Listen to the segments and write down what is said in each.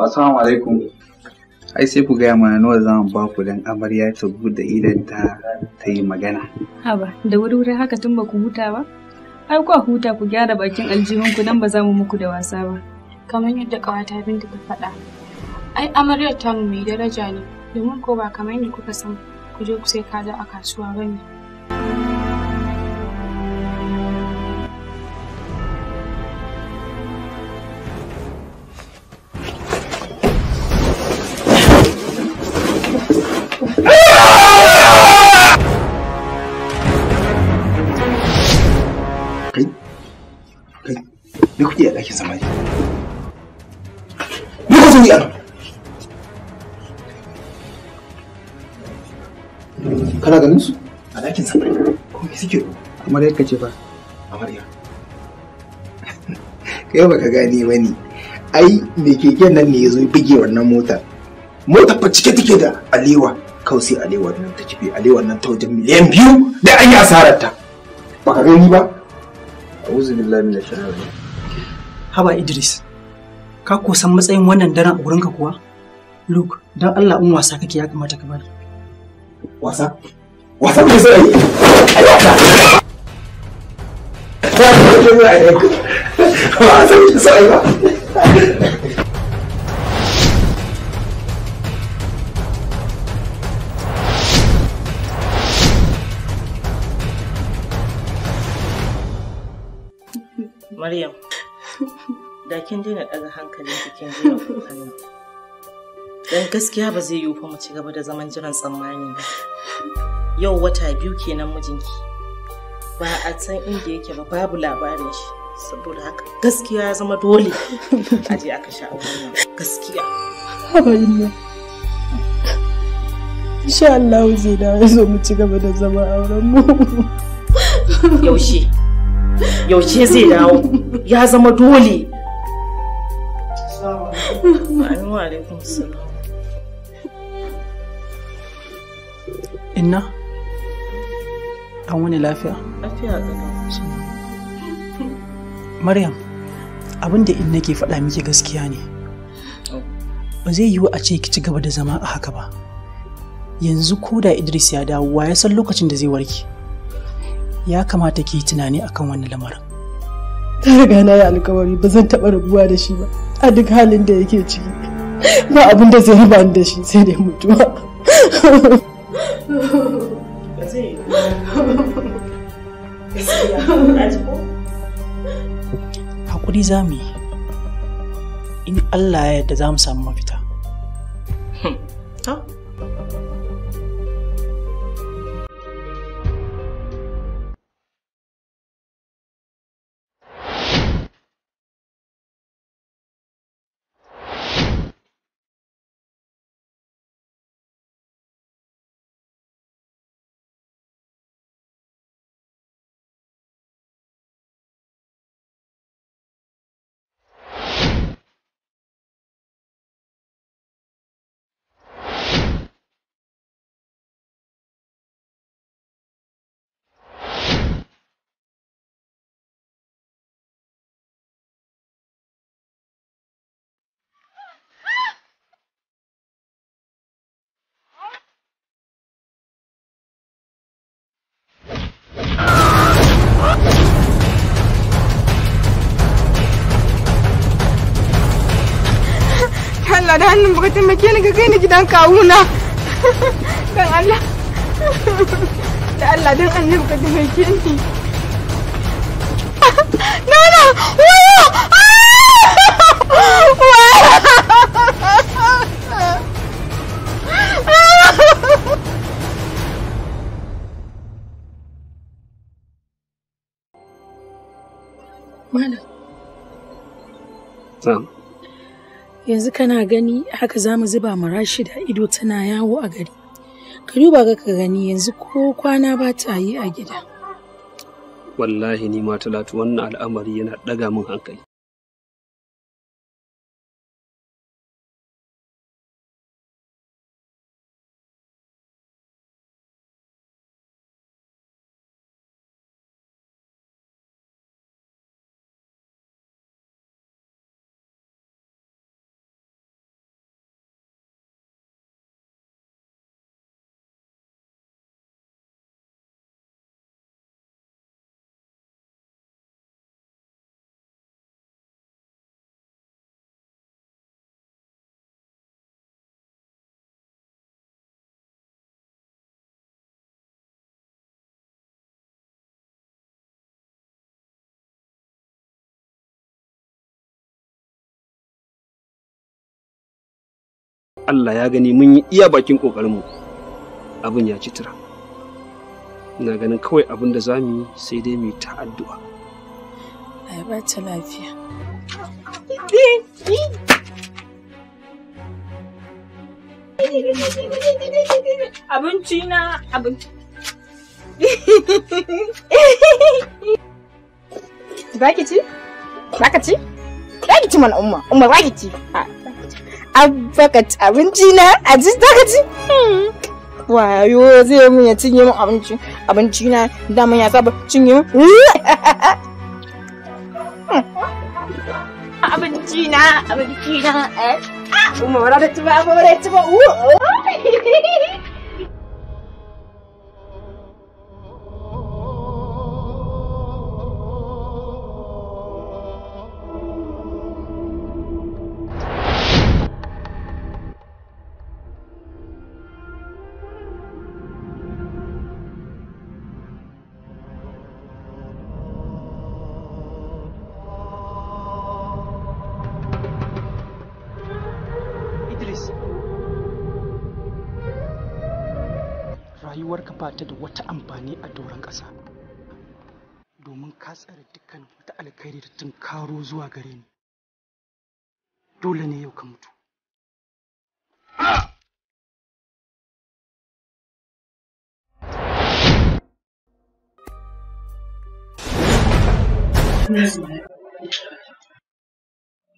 Assalamu alaikum. Ai sai ku gaya mana nawa zan ba ku dan amarya ta bude idan ta ta yi magana. Haba, da wuri-wuri haka tun ba ku huta ba? Ai ku huta ku gyara bakin ku dan ba za mu muku da wasa ba. Kamar yadda kawata Binta ta faɗa. Ai amaryar ta mu mai daraja ne, domin ko ba kamar yadda kuka san ku je ku sai kaza a kasuwa bane kamar yadda ce ba amarya kai baka gane ba ne ai me keke nan ne ya zo bige wannan mota mota fa cike take da alewa kawai sai alewar nan ta kife alewar nan ta wajen miliyan biyu da an yi asarar ta baka gani ba a'udhu billahi minash shaitanir haba idris ka ko san matsayin wannan daren a wurinka kuwa luke don allah in wasa kake ya kamata ka bari wasa wasa me sai yi. wasa Maryam, da kin daina ɗaga hankalin cikin jiya kokarin. Dan gaskiya ba zai yiwu fa mu ci gaba da zaman jiran tsammani ba. Yau wata biyu kenan mijinki ba a san inda yake ba babu labarin shi saboda haka gaskiya ya zama dole a je aka sha auren gaskiya habayin insha Allah zai dawo zo mu ci gaba da zama auren mu yaushe yaushe zai dawo ya zama dole Assalamu alaikum. Inna. an wani lafiya? maryam abin in nake faɗa miki gaskiya ne ba zai yiwu a ce ki ci gaba da zama a haka ba yanzu ko da idris ya dawo wa ya san lokacin da zai warke ya kamata ki yi tunani akan wannan lamarin ta riga na yi alkawari ba zan taɓa rabuwa da shi ba a duk halin da yake ciki ba abin da zai ni da shi sai dai mutuwa zai Hakuri za mu yi. In Allah ya yadda za mu samu mafita. Allah da hannun baka taimake ka kai ni gidan kawuna dan Allah da Allah wayo Mana? yanzu kana gani haka za mu zuba mu da ido tana yawo a gari ka duba ga ka gani yanzu ko kwana ba ta yi a gida wallahi ni ma talatu wannan al'amari yana ɗaga min hankali Allah ya gani mun yi iya bakin ƙoƙarinmu abin ya ci tura ina ganin kawai abin da za mu yi sai dai mu yi ta addu'a ai ba ta lafiya abinci na abinci Baki ci? Baka ci? Baki ci mana umma, umma baki ci. an baka abinci na a ji zaka ci hmm. wayo zai mun ya cinye mun abinci abinci na daman ya saba cinye mun abinci na abinci na eh kuma ah! wala da tuba ba wala da tuba ƙasa domin ka tsare dukkan wata alkhairi da tun karo zuwa gare ni dole ne yau ka mutu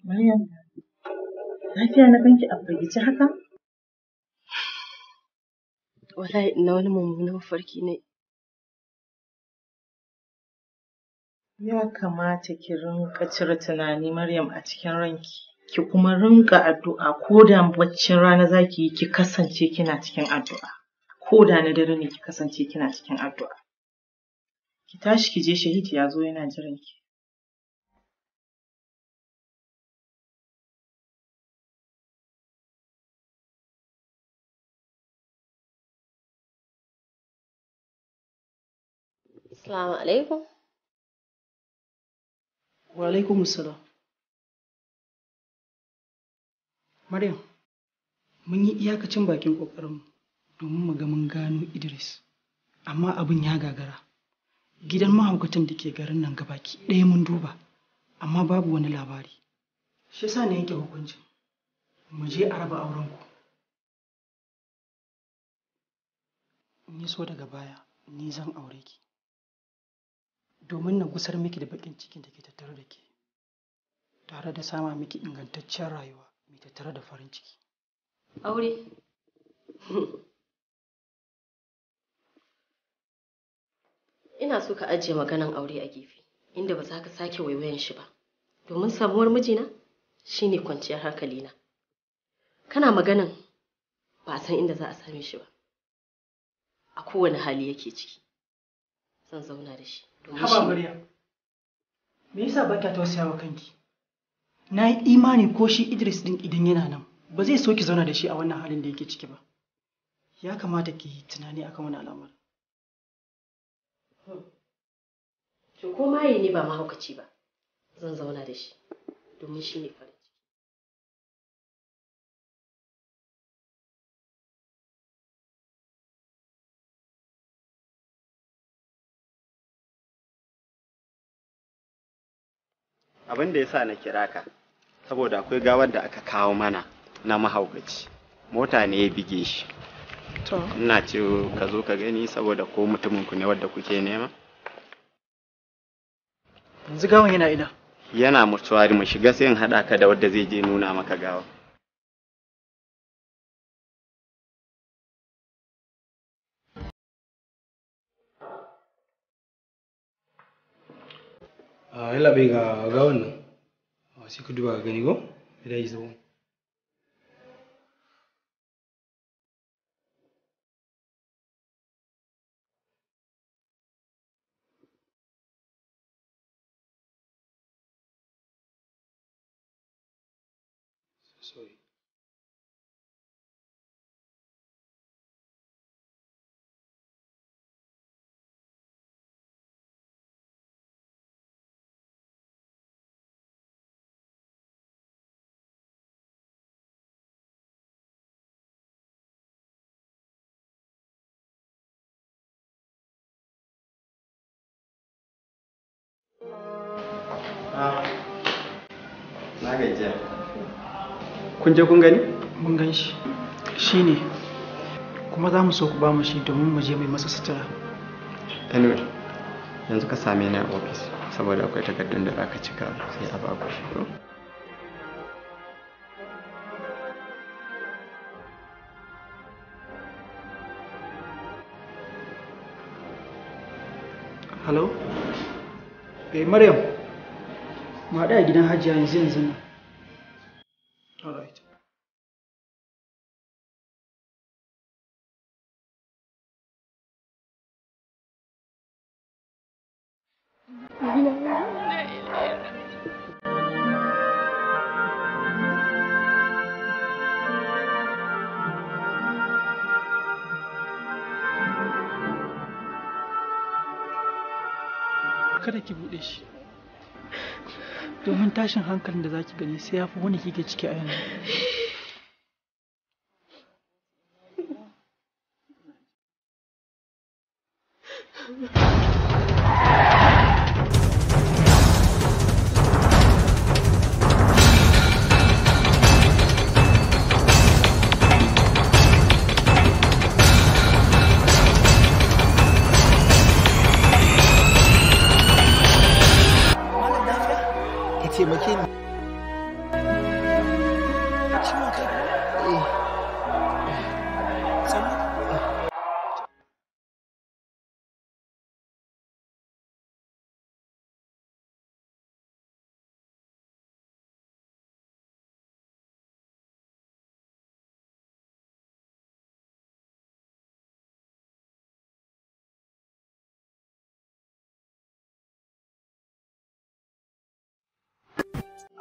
Maryam, lafiya na ganki a firgice haka? Wallahi ina wani mummunan farki ne ya kamata ki rinƙa cire tunani Maryam a cikin ranki ki kuma rinƙa addu'a ko da baccin rana za ki yi ki kasance kina cikin addu'a ko da na dare ne ki kasance kina cikin addu'a ki tashi ki je shahidi ya zo yana jiran ki Assalamu alaikum. Wa'alaikum salam. Maryam, mun yi iyakacin bakin ƙoƙarinmu domin mu ga mun gano Idris, amma abin ya gagara. Gidan mahaukacin da ke garin nan gabaki ɗaya mun duba, amma babu wani labari. Shi sa ne yake hukuncin, mu je a raba aurenku. Ni so daga baya, ni zan aure ki. domin na gusar miki da bakin cikin da ke tattare da ke tare da sama miki ingantaccen rayuwa mai tattare da farin ciki aure ina so ka ajiye maganan aure a gefe inda ba za ka sake waiwayan shi ba domin samuwar mijina shine kwanciyar hankali na. kana maganan ba san inda za a same shi ba a kowane hali yake ciki zan zauna da shi Haba murya. me yasa ba tausaya wa kanki? Na yi imani ko shi Idris ɗin idan yana nan, ba zai so ki zauna da shi a wannan halin da yake ciki ba. Ya kamata ki yi tunani akan wani al'amar. Hmm. To ko maye ne ba mahaukaci ba, zan zauna da shi, domin shi ne abin da ya sa na kira ka saboda akwai gawar da aka kawo mana na mahaukaci mota ne ya bige shi ina ce ka zo ka gani saboda ko mutumin ku ne wadda kuke nema yanzu gawan yana ina yana mutuwari mu shiga sai in haɗa ka da wadda zai je nuna maka gawa Ah, yallaɓai ga gawan nan ah, sai ka duba ga gani ko idan ya zo kun je kun gani mun gan shi shi ne kuma za mu so ku ba mu shi domin mu je mai masa sutura anyway yanzu ka same ni a ofis saboda akwai takardun da za ka cika sai a ba ku shi Hello? Eh, Maryam, mu haɗu gidan hajiya yanzu yanzu nan. kada ki buɗe shi domin tashin hankalin da za ki gani sai ya fi wani kike ciki a yanzu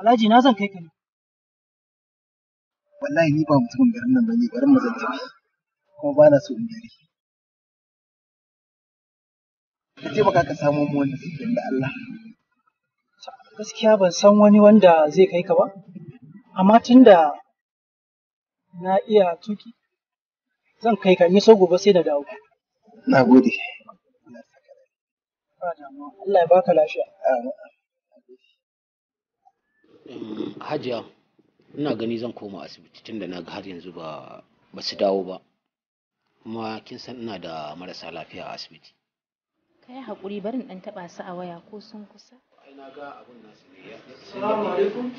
Alhaji na zan kai ka ne. Wallahi ni ba mutumin garin nan bane garin mazanta tafi kuma ba na so in gari. Ka taimaka ka samo mu wanda suke da Allah. Gaskiya ban san wani wanda zai kai ka ba, amma tunda na iya tuki zan kai ka ni so gobe sai na dawo. Na gode. Allah ya baka lafiya. Amin. Hajiya ina gani zan koma asibiti tunda na ga har yanzu ba su dawo ba. Kuma kin san ina da marasa lafiya a asibiti. Ka yi haƙuri barin ɗan taɓa su a waya ko sun kusa. Ai na ga abun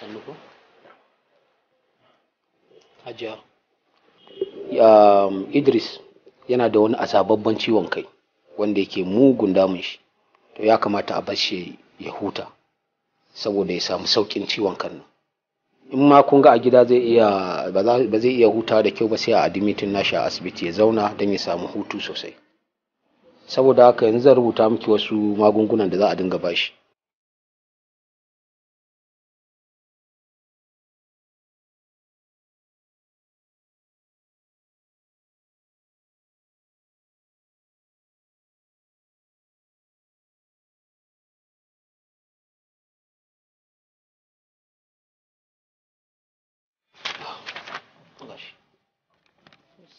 sannu um, idris yana da wani asababban ciwon kai wanda yake mugun damun shi to ya kamata a bar shi ya huta saboda ya samu saukin ciwon kan in ma kun ga a gida zai iya ba zai iya huta da kyau ba sai a admitin nashi a asibiti ya zauna don ya samu hutu sosai saboda haka yanzu zan rubuta miki wasu magungunan da za a dinga bashi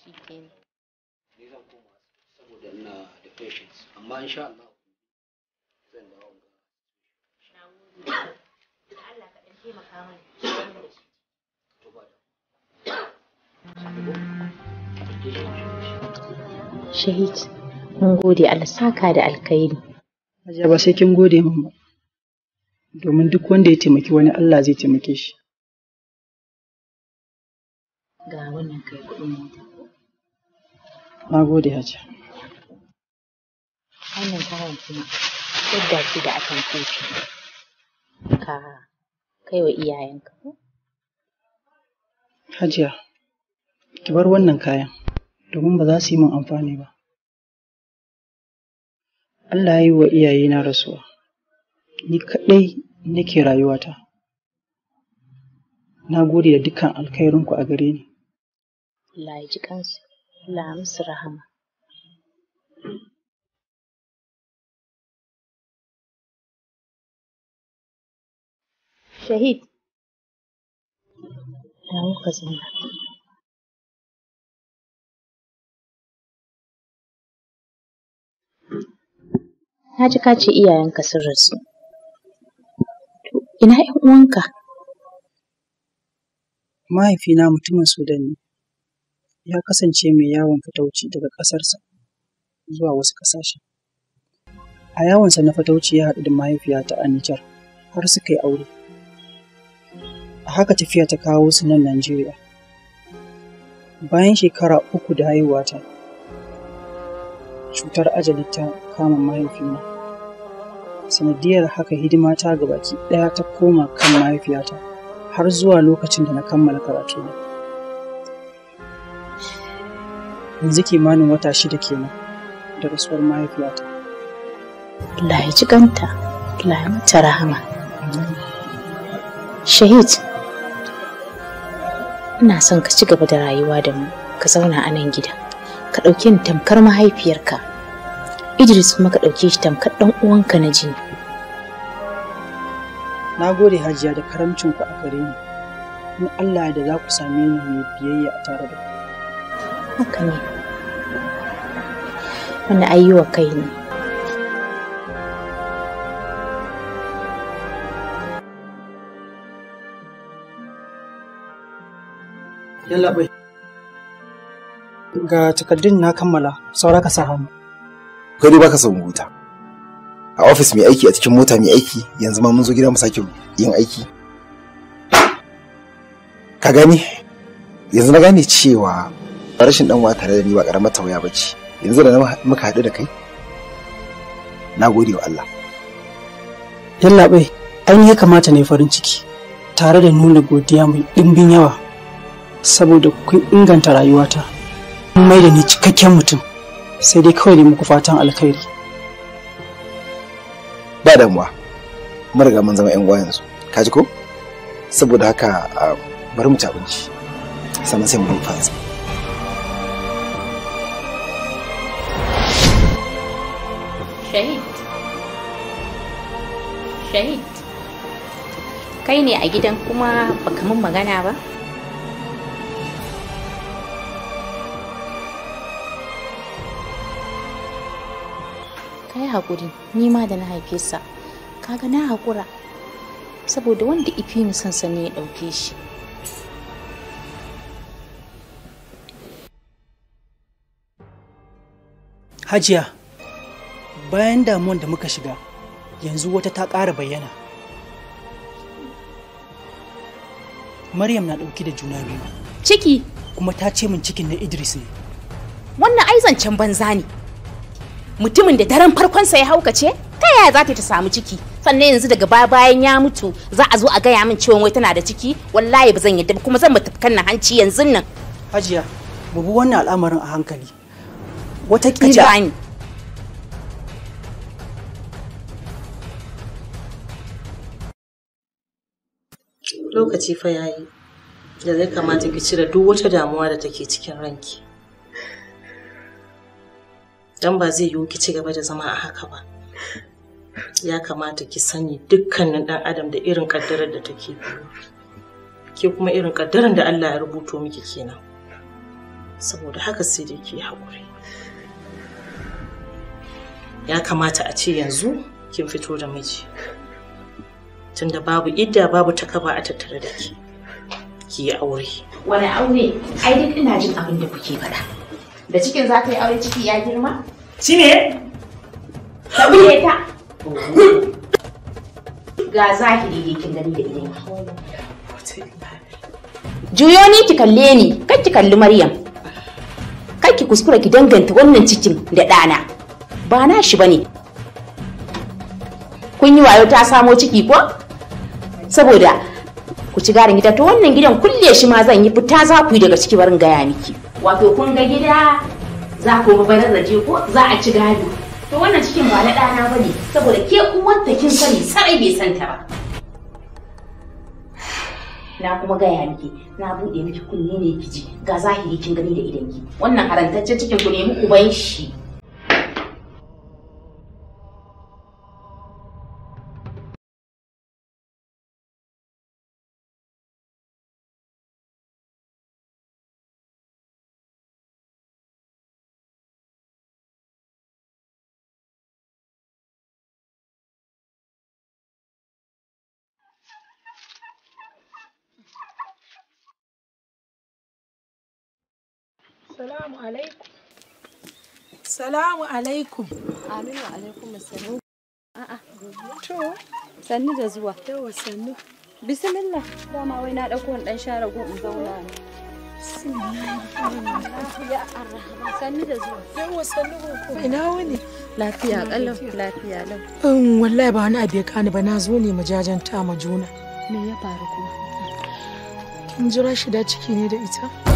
shi kenan ni saboda ina da patience amma insha Allah zan dawo ga Shahid, mun gode saka da alkhairi. ajaba sai kin gode min ba. Domin duk wanda ya taimaki wani Allah zai taimake shi. Ga wannan kai kuɗin mota. Na gode Hajiya. Wannan kayan yadda ce da akan kofi ka kai wa iyayenka Hajiya ki bar wannan kayan domin ba za su yi min amfani ba. Allah ya yi wa iyayena rasuwa, ni kaɗai nake rayuwata. Na gode da dukkan alkhairinku a gare ni. Allah ya ji Allah ya musu rahama. Shahid, ya muka zama. Na ji kace iyayenka sun rasu. Ina ‘yan uwanka? Mahaifina mutumin Sudan ne. ya kasance mai yawon fatauci daga ƙasarsa zuwa wasu ƙasashe. A yawonsa na fatauci ya haɗu da mahaifiya ta Anijar har suka yi aure. A haka tafiya ta kawo su nan Najeriya. Bayan shekara uku da haihuwa ta. cutar ajali ta kama mahaifina. Sanadiyar haka hidima ta gabaki ɗaya ta koma kan mahaifiyata har zuwa lokacin da na kammala karatu. yanzu kimanin wata shida kenan da rasuwar mahaifiyata Allah ya ji ganta Allah mata rahama shahid ina son ka ci gaba da rayuwa da mu ka zauna a nan gida, ka ɗauke ni tamkar mahaifiyarka idris kuma ka ɗauke shi tamkar ɗan uwanka na jini na gode hajiya da karamcinku a gare ni in allah da za ku same ni mai biyayya a tare da ku haka ne wanda ayi wa kai ne ga takardun na kammala saura ka sa hannu kai dai baka son huta a ofis mai aiki a cikin mota mai aiki yanzu ma mun zo gida mu sake yin aiki ka gani yanzu na gane cewa rashin dan uwa tare da ni ba karamar tawaya bace yanzu da muka haɗu da kai na gode wa Allah yallaɓai an ya kamata ne farin ciki tare da nuna godiya mai ɗimbin yawa saboda kun inganta rayuwata kun mai da ni cikakken mutum sai dai kawai ne muku fatan alkhairi ba damuwa mun riga mun zama yan uwa yanzu ka ji ko saboda haka ah, bari mu ci abinci sannan sai mu rufa shahid shahid kai ne a gidan kuma baka min magana ba kai hakuri ni ma da na haife sa kaga na hakura saboda wanda ifi ni sansani ya ɗauke shi hajiya bayan damuwan da muka shiga yanzu wata ta ƙara bayyana maryam na ɗauki da juna biyu ciki kuma ta ce min cikin na idris ne wannan ai zancen banza ne mutumin da daren farkonsa ya hauka ce ta yaya za ta samu ciki sannan yanzu daga baya bayan ya mutu za a zo a gaya min cewa wai tana da ciki wallahi ba zan yadda ba kuma zan matafkan na hanci yanzu nan hajiya bubu wannan al'amarin a hankali ni. lokaci fa yayi da zai kamata ki cire duk wata damuwa da take cikin ranki dan ba zai yiwu ki ci gaba da zama a haka ba ya kamata ki sani dukkanin dan adam da irin kaddarar da take ke kuma irin kaddarar da Allah ya rubuto miki kenan saboda haka sai da ki hakuri. ya kamata a ce yanzu kin fito da miji tunda babu idda babu takaba a tattare da ki ki yi aure wani aure ai duk ina jin abin da kuke faɗa da cikin za ta yi aure ciki ya girma shine ta buye ta ga zahiri ne kin gani da idan juyo ni ki kalle ni kai ki kalli maryam kai ki kuskura ki danganta wannan cikin da ɗana ba na shi bane kun yi wayo ta samo ciki ko saboda ku ci garin gida to wannan gidan kulle shi ma zan yi fita za ku yi daga ciki barin gaya miki wato kun ga gida za ku ba raje ko za a ci gado to wannan cikin ba na ɗana ba ne saboda ke uwar ta kin sani sarai bai santa ba na kuma gaya miki na buɗe miki kunne ne ki ga zahiri kin gani da ki wannan harantaccen cikin ku nemi uban shi Salamu alaikum. Salamu alaikum. Aminu wa alaikum assalam. A'a. To. Sannu da zuwa. Yawa sannu. Bismillah. Dama wai na ɗauko in ɗan share ko in zauna ne. Sannu da zuwa. Yawa sannu ko. Ina wani. Lafiya ƙalau, lafiya lau. In um, wallahi ba wani abu ya kani ba na zo ne mu jajanta ma juna. Me ya faru kuma? Kin jira shida ciki ne da ita?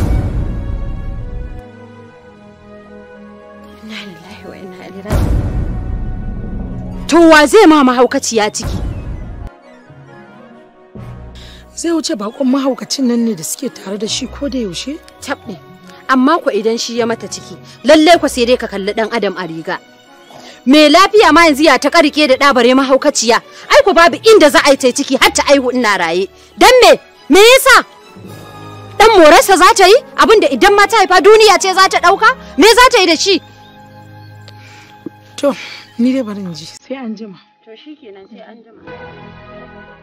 To wa zai ma mahaukaciya ciki? Zai wuce bakon mahaukacin nan ne da suke tare da shi ko da yaushe? Tabbe. Amma ku idan shi ya mata ciki, lallai ku sai dai ka kalli dan Adam a riga. Me lafiya ma yanzu ya ta karike da ɗabare mahaukaciya, ai ku babu inda za a yi ta ciki har ta aihu ina raye. Dan me? Me yasa? Dan morarsa za ta yi abinda idan mata haifa duniya ce za ta ɗauka? Me za ta yi da shi? To, Ni dai barin ji sai an jima. To shikenan sai an jima.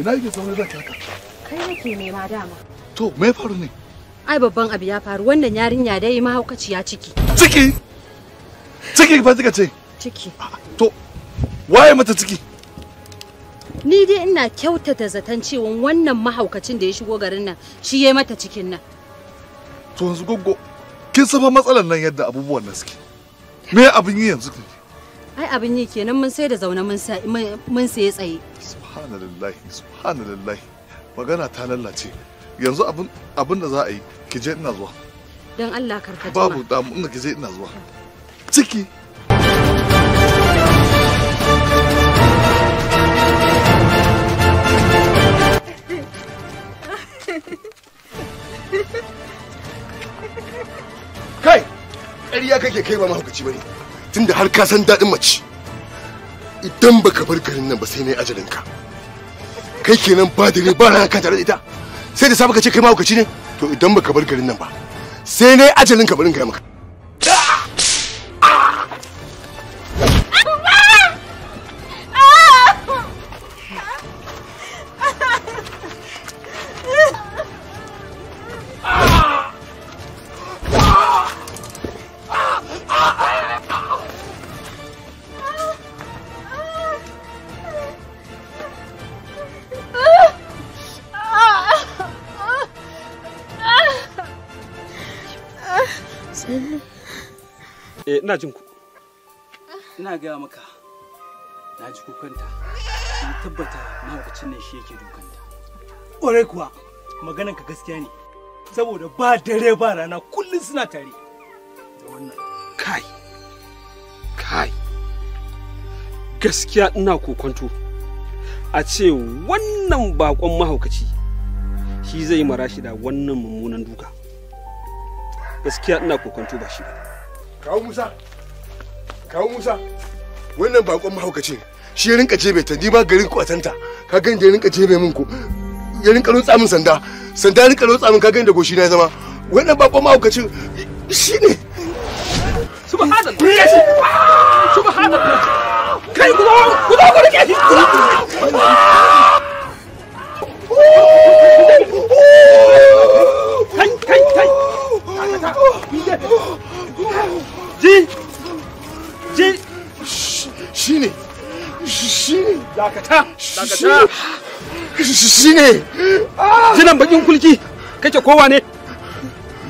ina yake saurin zaki haka? Kai nake nema dama. To, me faru ne? Ai babban abu ya faru wannan yarinya dai mahaukaciya ciki. Ciki? Ciki ba kika ce? Ciki. Ah, to, waye mata ciki? Ni dai ina kyautata zaton cewa wannan mahaukacin da ya shigo garin nan shi ya mata cikin nan. To yanzu goggo, kin san matsalar nan yadda abubuwan nan suke. Me abin yi yanzu ne? ai abin yi kenan mun sai da zaune mun sai tsaye subhanallah subhanallah magana ta lallace yanzu abin abin da za a yi ki je ina zuwa don Allah karka babu damu ina ki je ina zuwa ciki kai ƙarya kake kai ba mahaukaci bane tunda har ka san daɗin mace idan baka bar garin nan ba sai ne ajalin ka kai kenan ba dare ba rana kan tare da ita sai da safe ce kai ma ne to idan baka bar garin nan ba sai ne ajalin ka barin kai maka ina gaya maka na ji kukanta na tabbata mahaukacin ne shi yake dukanta ƙwarai kuwa maganan ka gaskiya ne saboda ba dare ba rana kullum suna tare da wannan kai kai gaskiya ina kokonto a ce wannan bakon mahaukaci shi zai mara shi da wannan mummunan duka gaskiya ina kokonto ba shi ba kawo musa kawo musa wannan bakon mahaukaci shi ya rinka jebe ta ni ba garin kwatanta ka gani da ya rinka jebe min ko ya rinka rotsa min sanda sanda rinka rotsa min ka gani da goshi na zama wannan bakon mahaukacin shi ne subhanallah subhanallah kai ku zo ku kai kai kai ji ji shi ne shi ne dakata dakata shi ne jinan ah! bakin kulki kake kowa ne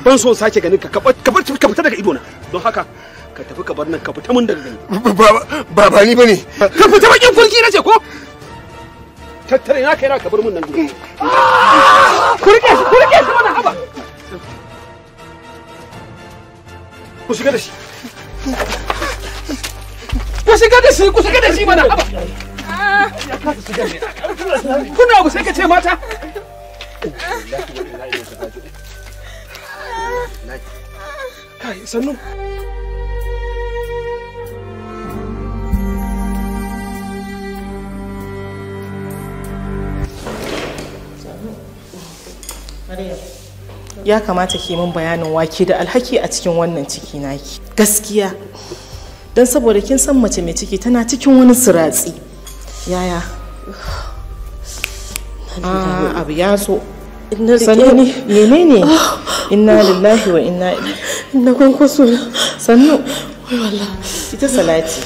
ban so sake ganin ka ka ka fita daga idona don haka ka tafi ka bar nan ka fita mun daga gani ba ba ni bane ka fita bakin kulki nace ko tattare na kai na ka bar mun nan gurin ah! ku rike shi ku rike shi mana haba ku shiga da shi ka shiga da shi ku shiga da shi mana kuna abu sai ka ce mata kai sannu ya kamata ke min bayanin wake da alhaki a cikin wannan ciki naki gaskiya don saboda kin san mace mai ciki tana cikin wani siratsi yaya ah, abu ya so sannu ne Menene? Ah. inna lillahi wa inna inna kwankwaso sannu ita salati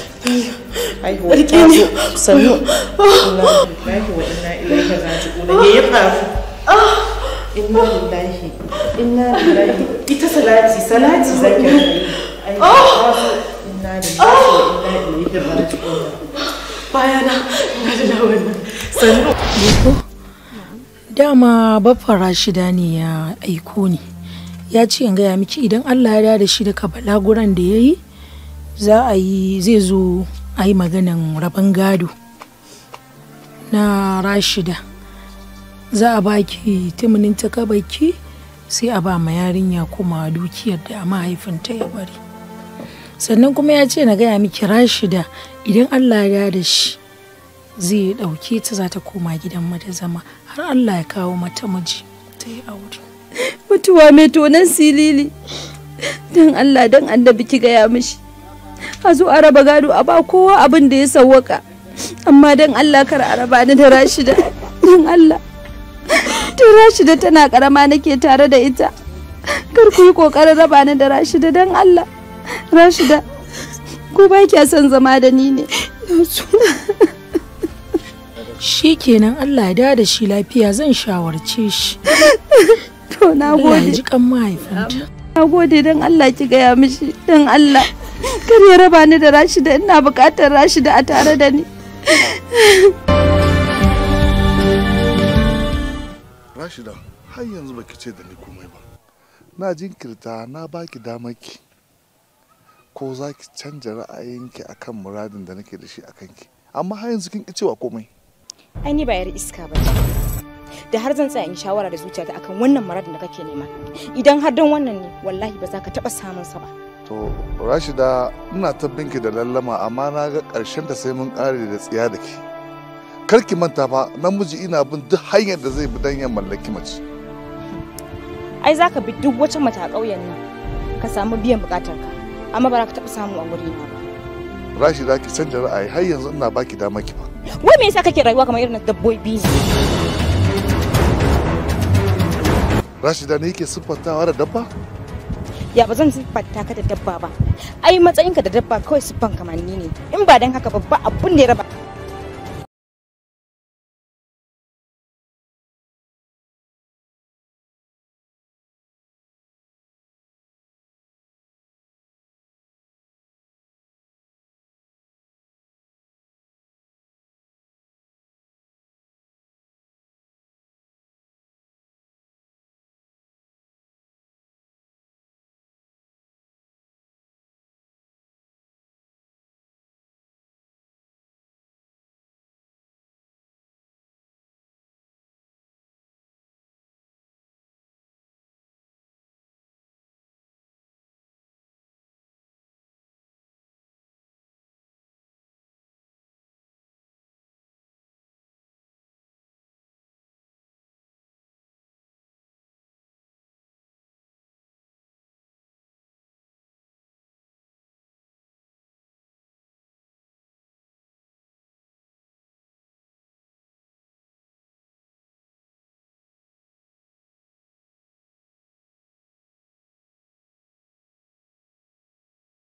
haihuwa ta so sannu ah. inna lillahi wa inna ilaihi raji'un me ya faru inna lillahi inna lillahi ita salati salati zaki ai da oh! dama baffa rashida ne ya aiko ni ya ce in gaya miki idan allah ya da shi daga balaguran da ya yi za a yi zai zo a yi maganin rabon gado na rashida za a baki tumunin takabaki sai a ba ma yarinya kuma dukiyar da mahaifinta ya bari sannan kuma ya ce na gaya miki rashida idan allah ya da shi zai dauke ta za ta koma gidan mata zama har allah ya kawo mata miji ta yi aure mutuwa mai tonan silili don allah don annabi ki gaya mishi a zo a raba gado a ba kowa abin da ya sawwaka amma don allah kar a raba ni da rashida don allah ta rashida tana karama nake tare da ita kar ku yi kokarin raba ni da rashida don allah Rashida, ko ba kya son zama da ni ne? Shi kenan Allah ya da shi lafiya zan shawarce shi. To na gode. ji kan mahaifinta. Na gode don Allah ki gaya mishi don Allah. Kar ya raba ni da Rashida ina bukatar Rashida a tare da ni. Rashida, har yanzu baki ce da ni komai ba. Na jinkirta na baki damaki. ko za ki canja ra'ayinki akan muradin da nake da shi a kanki amma har yanzu kin ki komai ai ni ba yar iska ba da har zan tsaya in shawara da zuciyata akan wannan muradin da kake nema idan har dan wannan ne wallahi ba za ka taba samun sa ba to rashida ina tabbinki da lallama amma na ga karshen ta sai mun kare da tsiya da ke kar ki manta fa namiji ina bin duk hanyar da zai bi dan ya mallaki mace ai za ka bi duk wata mata ƙauyen nan ka samu biyan bukatarka amma ba za ka taɓa samu a guri na ba rashi za ki canja ra'ayi har yanzu ina baki dama ki ba wai me yasa kake rayuwa kamar irin dabbobi ne rashi da ne yake siffantawa da dabba ya ba zan siffanta ka da dabba ba ai matsayinka da dabba kawai siffan kamanni ne in ba dan haka babba abun ne raba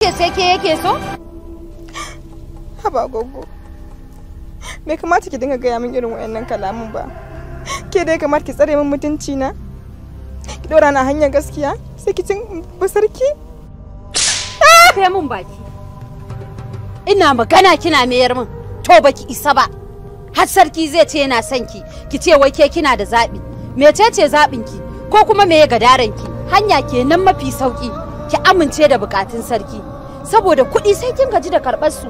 ke sai ke yake so? Haba gogo. Bai kamata ki dinga gaya min irin wayannan kalamun ba. Ke dai kamar ki tsare min mutunci na? Ki dora na hanyar gaskiya? Sai ki cin basarki? Kai mun baki. Ina magana kina mayar min. To baki isa ba. Har sarki zai ce yana son ki. Ki ce wai ke kina da zabi. ce zabin ki? Ko kuma me ya gadaran ki? Hanya kenan mafi sauki. ki amince da bukatun sarki saboda kuɗi sai kin gaji da karɓar su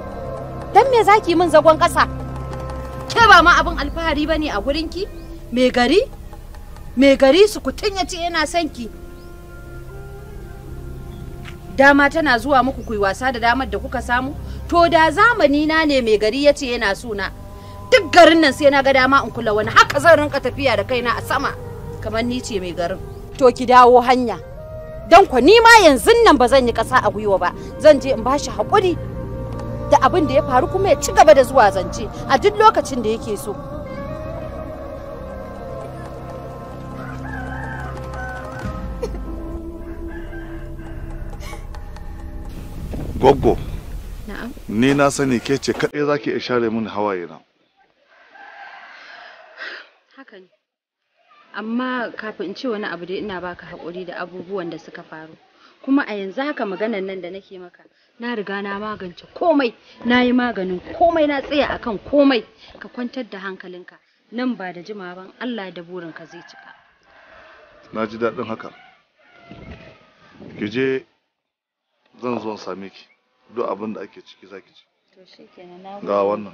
dan me zaki min zagon ƙasa ke ba ma abin alfahari bane a gurin ki me gari me gari su kutin ya ce yana son ki dama tana zuwa muku kuyi wasa da damar da kuka samu to da zamani na ne mai gari ya ce yana suna duk garin nan sai na ga dama in kula wani haka zan rinka tafiya da kaina a sama kamar ni ce mai garin to ki dawo hanya don ku ni ma yanzu nan ba zan yi ƙasa a gwiwa ba zan je in ba shi haƙuri da abin da ya faru kuma ya ci gaba da zuwa zance a duk lokacin da yake so Goggo, ni na sani ke ce kaɗai zaki ki share mun hawaye na. Haka ne. amma kafin in ce wani abu dai ina baka haƙuri da abubuwan da suka faru kuma a yanzu haka maganan nan da nake maka na riga na magance komai na yi maganin komai na tsaya akan komai ka kwantar da hankalinka nan ba da jimawa ban Allah da burinka zai cika na ji daɗin haka ki je zan zo same ki duk abin da ake ciki zaki ci to ga wannan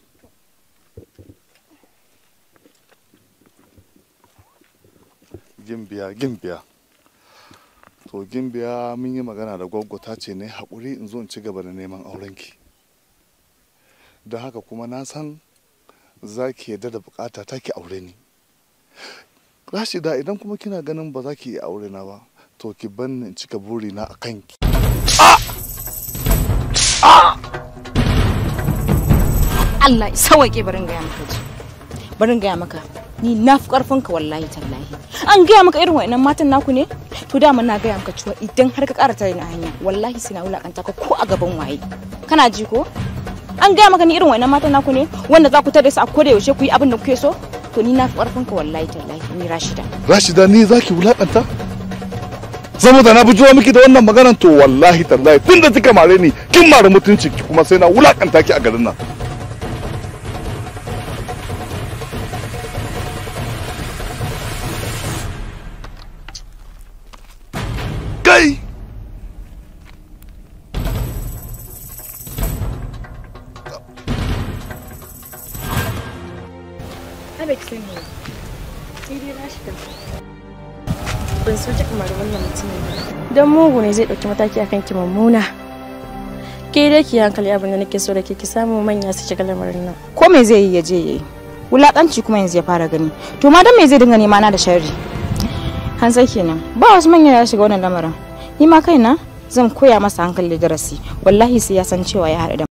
gimbiya gimbiya to gimbiya mun yi magana da gwaggo ta ce ne haƙuri in zo in ci gaba da neman aurenki don haka kuma na san za ki yadda da bukata ta ki aure ni rashida idan kuma kina ganin ba za ki yi aure na ba to ki ban in cika buri na a kanki Allah sawaƙe barin gaya maka barin gaya maka ni na fi karfin ka wallahi tallahi an gaya maka irin wa'annan matan naku ne to dama na gaya maka cewa idan har ka ƙara tare na hanya wallahi suna wulakanta ka ko a gaban waye kana ji ko an gaya maka ni irin wa'annan matan naku ne wanda za ku tare su a koda yaushe ku yi abin da kuke so to ni na fi karfin ka wallahi tallahi ni Rashida Rashida ni zaki wulakanta saboda na bujiro miki da wannan maganar to wallahi tallahi tunda kika mare ni kin mare mutunci kuma sai na wulakanta ki a garin nan ne zai ɗauki mataki a kanki mummuna ke dai ki hankali abin da nake so da ke ki samu manya su shiga lamarin nan ko me zai yi ya je yayi wulakanci kuma yanzu ya fara gani to ma me zai dinga nema na da sharri hansa kenan ba wasu manya ya shiga wannan lamarin ni ma kaina zan koya masa hankali da darasi wallahi sai ya san cewa ya haɗu da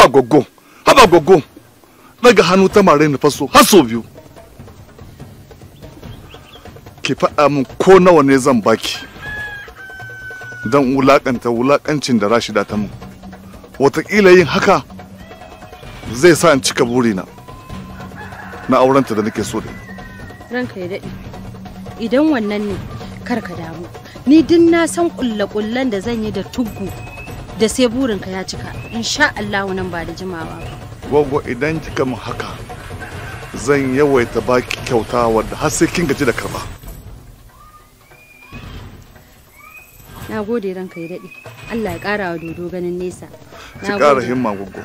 haba gogo haba gogo daga hannu ta mare ni faso har so biyu ki faɗa min ko nawa ne zan baki don wulaƙanta wulaƙancin da rashida ta min wataƙila yin haka zai sa in cika burina na aurenta da nake so da ranka ya daɗe idan wannan ne karka damu ni din na san ƙulle-ƙullen da zan yi da tuggu da sai burinka ya cika insha Allah nan ba da jimawa gogo idan kika mu haka zan yawaita baki kyauta wadda har sai kin gaji da karba na gode ranka ya daɗe Allah ya ƙara wa dodo ganin nesa ki ƙara himma gwaggo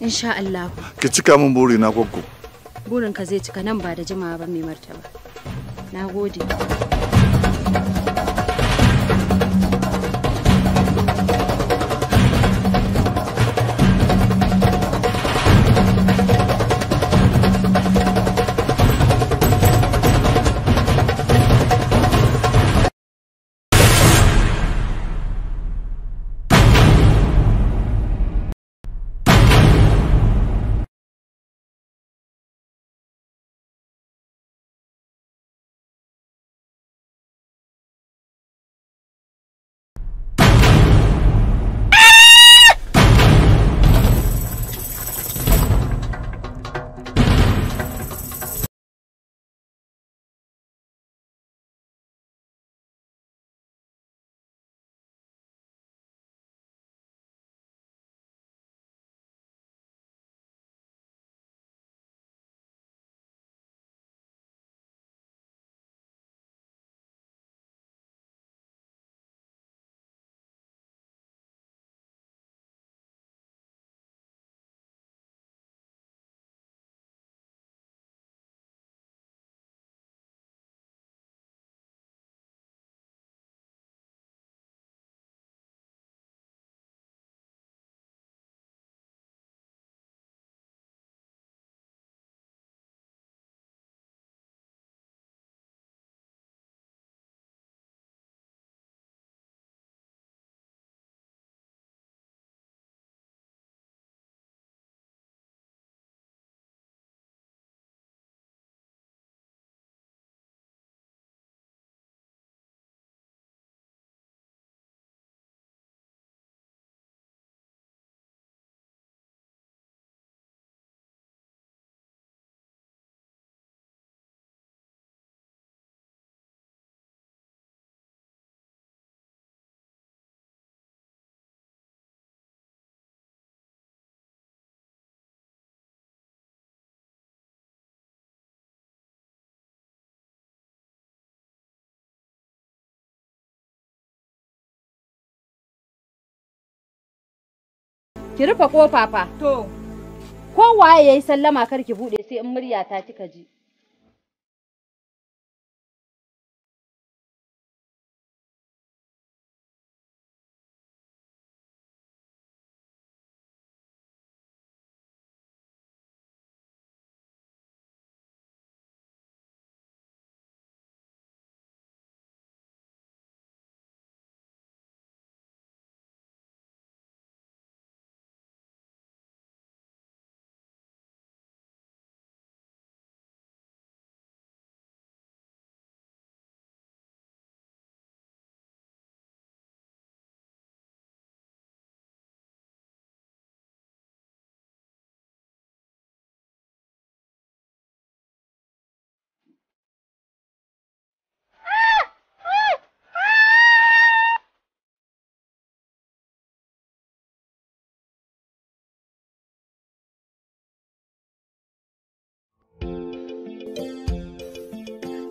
insha Allah ki cika min buri na gogo burinka zai cika nan ba da jimawa ba mai martaba na gode thank you Ki rufe kofa fa. To. ya yayi sallama kar ki bude sai in murya ta kika ji.